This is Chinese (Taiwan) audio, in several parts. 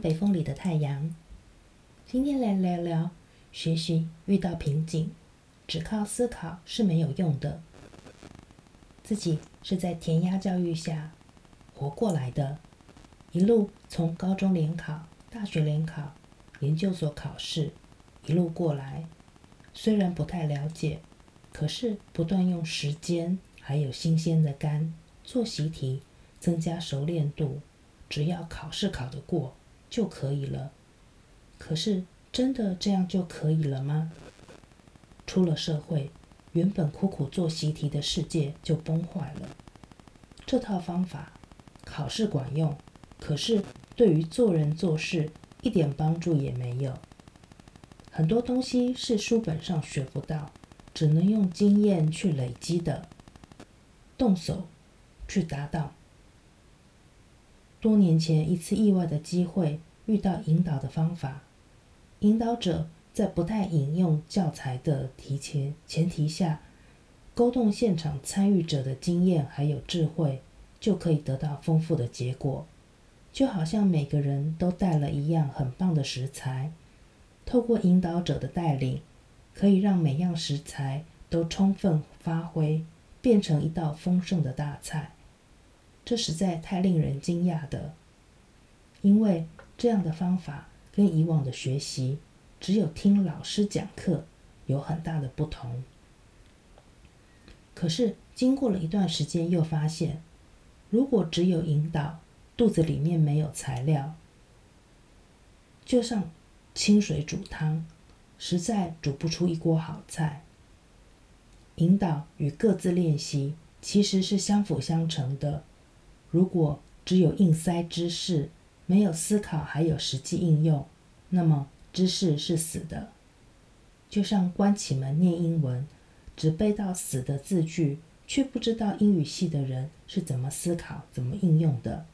北風裡的太陽。今天來聊聊學習遇到瓶頸，只靠思考是沒有用的。自己是在填鴨教育下活過來的，一路從高中聯考、大學聯考、研究所考試一路過來，雖然不太了解，可是不斷用時間還有新鮮的肝做習題，增加熟練度，只要考試考得過。就可以了，可是真的這樣就可以了嗎？出了社會，原本苦苦做習題的世界就崩壞了。這套方法，考試管用，可是對於做人做事一點幫助也沒有。很多東西是書本上學不到，只能用經驗去累積的，動手去達到。多年前一次意外的機會。遇到引導的方法，引導者在不太引用教材的提前前提下，勾動現場參與者的經驗還有智慧，就可以得到豐富的結果。就好像每個人都帶了一樣很棒的食材，透過引導者的帶領，可以讓每樣食材都充分發揮，變成一道豐盛的大菜。這實在太令人驚訝的，因為。這樣的方法跟以往的學習，只有聽老師講課，有很大的不同。可是經過了一段時間，又發現，如果只有引導，肚子裡面沒有材料，就像清水煮湯，實在煮不出一鍋好菜。引導與各自練習其實是相輔相成的。如果只有硬塞知識，沒有思考，還有實際應用，那麼知識是死的，就像關起門念英文，只背到死的字句，卻不知道英語系的人是怎麼思考、怎麼應用的。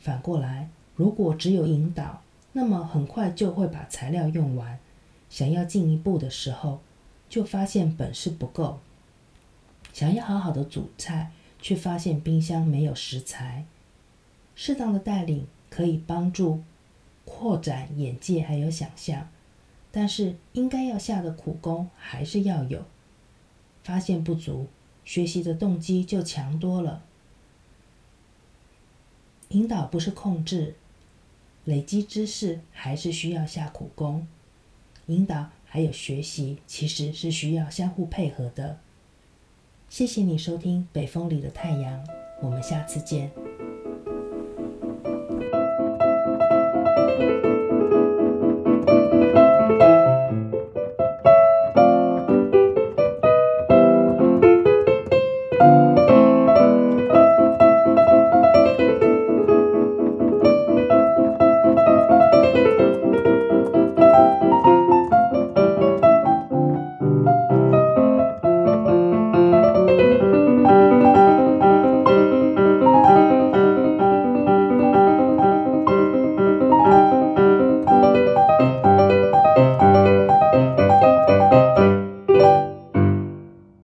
反過來，如果只有引導，那麼很快就會把材料用完，想要進一步的時候，就發現本事不夠，想要好好的煮菜，卻發現冰箱沒有食材。適當的帶領可以幫助擴展眼界，還有想象，但是應該要下的苦功還是要有，發現不足，學習的動機就強多了。引導不是控制，累積知識還是需要下苦功，引導還有學習其實是需要相互配合的。謝謝你收聽《北風裡的太陽》，我們下次見。